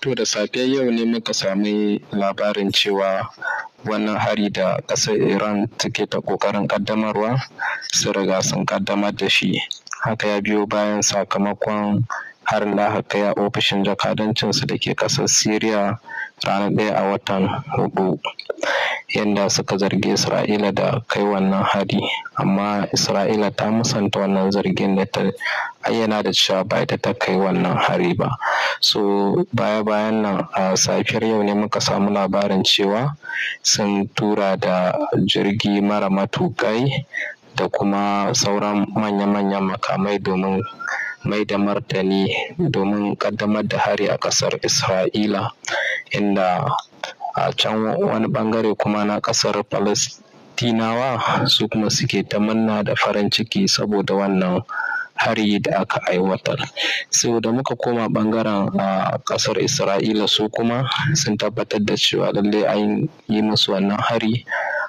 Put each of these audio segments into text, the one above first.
To da safe yau ne muka sami labarin cewa wannan hari da ƙasar Iran take ta ƙoƙarin ƙaddamarwa su riga sun ƙaddamar da shi. Haka ya biyo bayan sakamakon harin da aka kai ofishin jakadancinsu da ke ƙasar Siriya ranar ɗaya a watan hudu yadda suka zargi isra'ila da kai wannan hari amma isra'ila ta musanta wannan zargin da ta ayyana da cewa ba ta ta kai wannan hari ba so baya bayan nan a safiyar yau ne muka samu labarin cewa sun tura da jirgi mara matukai da kuma sauran manya-manyan makamai domin mai da martani domin kaddamar da hari a ƙasar isra'ila inda a can wani bangare kuma na ƙasar Falastinawa su kuma suke ta manna da farin ciki saboda wannan hari da aka aiwatar. Sau da muka koma bangaren a ƙasar Isra'ila su kuma sun tabbatar da cewa lallai an yi musu wannan hari.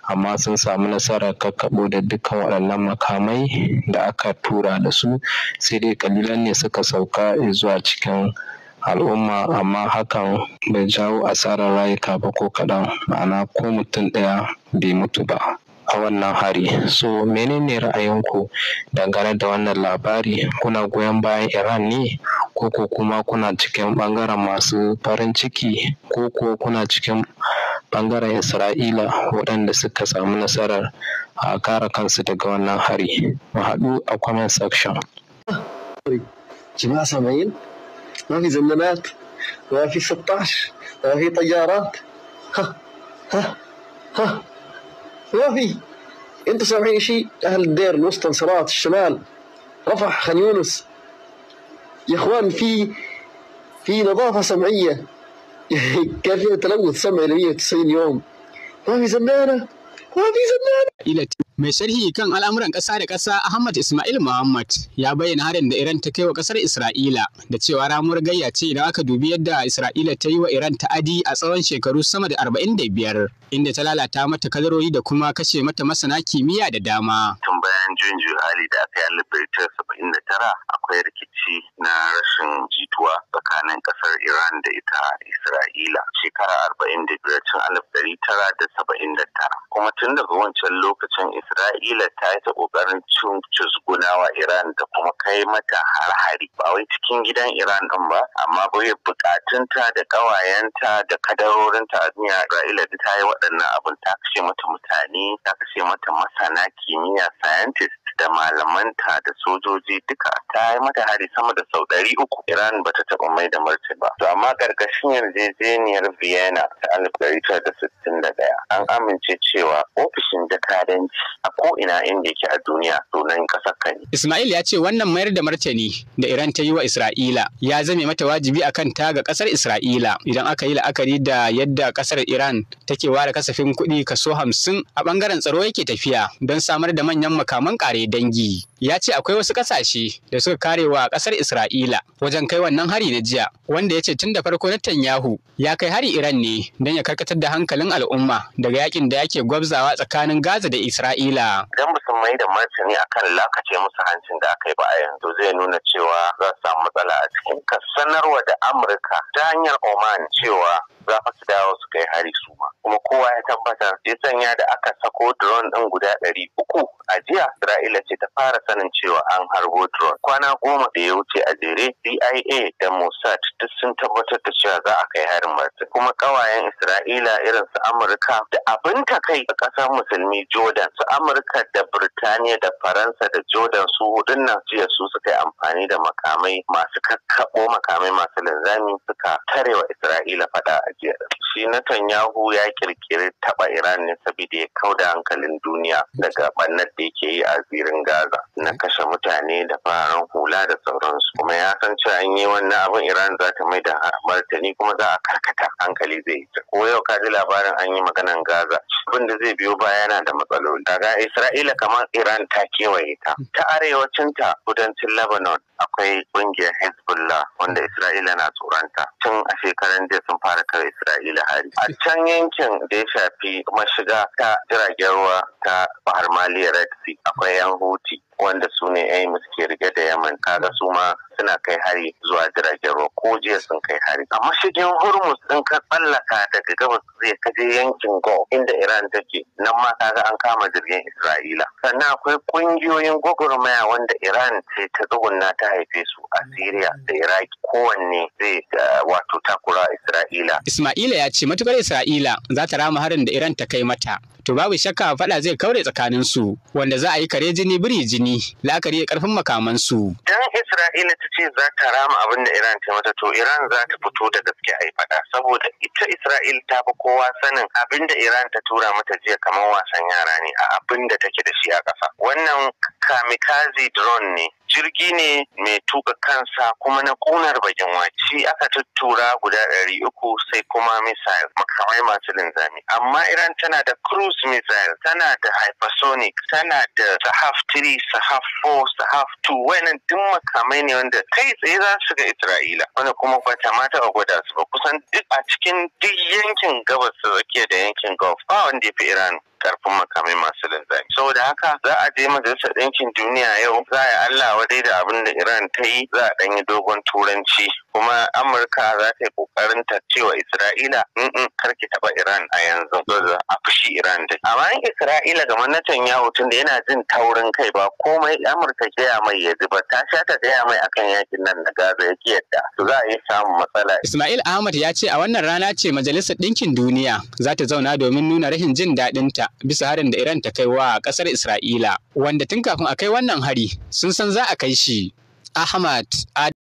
amma sun samu nasarar kakkaɓo da dukkan waɗannan makamai da aka tura da su sai dai kalilan ne suka sauka zuwa cikin al'umma amma hakan bai jawo asarar rayuka ba ko kaɗan ma'ana ko mutum ɗaya bai mutu ba a wannan hari so menene ra'ayinku dangane da wannan labari kuna goyon bayan iran ne ko kuma kuna cikin ɓangaren masu farin ciki ko kuna cikin ɓangaren isra'ila waɗanda suka samu nasarar a ah, kare kansu daga wannan hari mu haɗu a comment section ما في زلمات ولا في 16 ولا في طيارات ها ها ها ما في انتوا سامعين شيء اهل الدير الوسطى انصارات الشمال رفح خان يونس يا اخوان في في نظافه سمعيه كان فيها تلوث سمعي ل 190 يوم ما في زنانه ما في زنانه Mai sharhi kan al'amuran ƙasa da ƙasa Ahmad Ismail Muhammad ya bayyana harin da Iran ta kai wa ƙasar Isra'ila da cewa ramuwar gayya ce idan aka dubi yadda Isra'ila ta yi wa Iran ta adi a tsawon shekaru sama da 45 inda ta lalata mata kadaroyi da kuma kashe mata masana kimiyya da dama. Tun bayan juyin hali da aka yi saba'in da tara akwai rikici na rashin jituwa tsakanin ƙasar Iran da ita Isra'ila shekara arba'in da biyar tun alif ɗari tara da saba'in da tara kuma tun daga wancan lokacin Isra'ila ta yi ta ƙoƙarin cin cusgunawa Iran da kuma kai mata har-hari ba wai cikin gidan Iran din ba amma bai buƙatunta da ƙawayenta da kadarorinta a duniya Isra'ila da ta yi waɗannan abin ta kashe mata mutane ta kashe mata masana kimiyya scientist da malamanta da sojoji duka ta yi mata hari sama da sau ɗari uku iran ba ta taɓa mai da marci ba to amma ƙarƙashin yarjejeniyar vienna ta alif ɗari da sittin da ɗaya an amince cewa ofishin jakadanci a ko ina inda yake a duniya sunan kasar ka ne. Ismail ya ce wannan mayar da martani da Iran ta yi wa Isra'ila ya zame mata wajibi akan ta ga kasar Isra'ila idan aka yi la'akari da yadda kasar Iran take ware kasafin kuɗi kaso hamsin a ɓangaren tsaro yake tafiya don samar da manyan makaman ƙare dangi. ya ce akwai wasu kasashe da suka kare karewa ƙasar Isra'ila wajen kai wannan hari na jiya wanda ya ce tun da farko na tanyahu. ya kai hari Iran ne don ya karkatar da hankalin al'umma daga yakin da yake gwabzawa tsakanin Gaza da Isra'ila. Idan ba su mai da martani akan lakace musu hancin da aka yi ba a yanzu zai nuna cewa za su samu matsala a cikin ka sanarwa da Amurka ta hanyar Oman cewa za su dawo su kai hari su ma kuma kowa ya tabbatar ya sanya da aka sako drone ɗin guda ɗari uku a jiya Isra'ila ce ta fara sanin cewa an harbo drone kwana goma da ya wuce a jere cia da mossad duk sun tabbatar da cewa za a kai harin masu kuma kawayen isra'ila irin su amurka da abin kai a kasar musulmi jordan su amurka da birtaniya da faransa da jordan su hudun nan jiya su suka yi amfani da makamai masu kakkaɓo makamai masu linzami suka tarewa isra'ila fada a jiya shi Netanyahu ya kirkiri taba Iran ne saboda ya kau da hankalin duniya daga bannar da yake yi a zirin Gaza na kashe mutane da fararen hula da sauransu kuma ya san cewa an yi wannan abin Iran za ta mai da martani kuma za a karkata hankali zai ta. ko yau ka ji labarin an yi maganan Gaza abin da zai biyo baya yana da matsaloli daga Isra'ila kamar Iran ta kewaye ta ta arewacinta kudancin Lebanon akwai ƙungiyar hezbollah wanda isra'ila na tsoranta tun a shekaran jiya sun fara kai isra'ila hari a can yankin da ya shafi mashiga ta jiragen ruwa ta bahar mali red sea akwai yan huti wanda su ne AIM suke rige da Yaman kaga su ma suna kai hari zuwa jiragen ruwa ko jiya sun kai hari a mashigin Hormuz din ka tsallaka daga gabas zai kaje yankin go. inda Iran take nan ma kaga an kama jirgin Isra'ila sannan akwai kungiyoyin gwagwarmaya wanda Iran ce ta tsugunna ta haife su a Syria da Iraq kowanne zai eh, Ismaila ya ce matukar Isra'ila za ta rama harin da Iran ta kai mata. To babu shakka faɗa zai kaure tsakanin su wanda za a yi kare jini biri jini la'akari karfin makaman su. Dan Isra'ila ta ce za ta rama abin da Iran ta mata to Iran za ta fito da gaske a yi faɗa saboda ita Isra'il ta fi kowa sanin abin da Iran ta tura mata jiya kamar wasan yara ne a abin da take da shi a ƙasa. Wannan kamikaze drone ne jirgi ne mai tuka kansa kuma na kunar bakin waci aka tuttura guda ɗari uku sai kuma missile makamai masu linzami amma iran tana da cruise missile tana da hypersonic tana da sahaf 3 sahaf 4 sahaf 2 wayannan duk makamai ne wanda kai tsaye za su ga isra'ila wanda kuma ba ta ma taɓa gwada su ba kusan duk a cikin duk yankin gabas da tsakiya da yankin gulf ba wanda ya fi iran karfin makamai masu linzami saboda haka za a je majalisar ɗinkin duniya yau za a yi allah wadai da abin da iran ta yi za a ɗanyi dogon turanci kuma amurka za ta yi kokarin ta cewa isra'ila in kar ki taba iran a yanzu dole a fushi iran din amma in isra'ila ga manatan yawo tun da yana jin taurin kai ba komai amurka gaya mai ya ba ta sha ta gaya mai akan yakin nan da gaza ya ki yadda to za a yi samun matsala ismail ahmad ya ce a wannan rana ce majalisar ɗinkin duniya za ta zauna domin nuna rashin jin daɗin ta bisa harin da iran ta kai wa ƙasar isra'ila wanda tun kafin a kai wannan hari sun san za a kai shi ahmad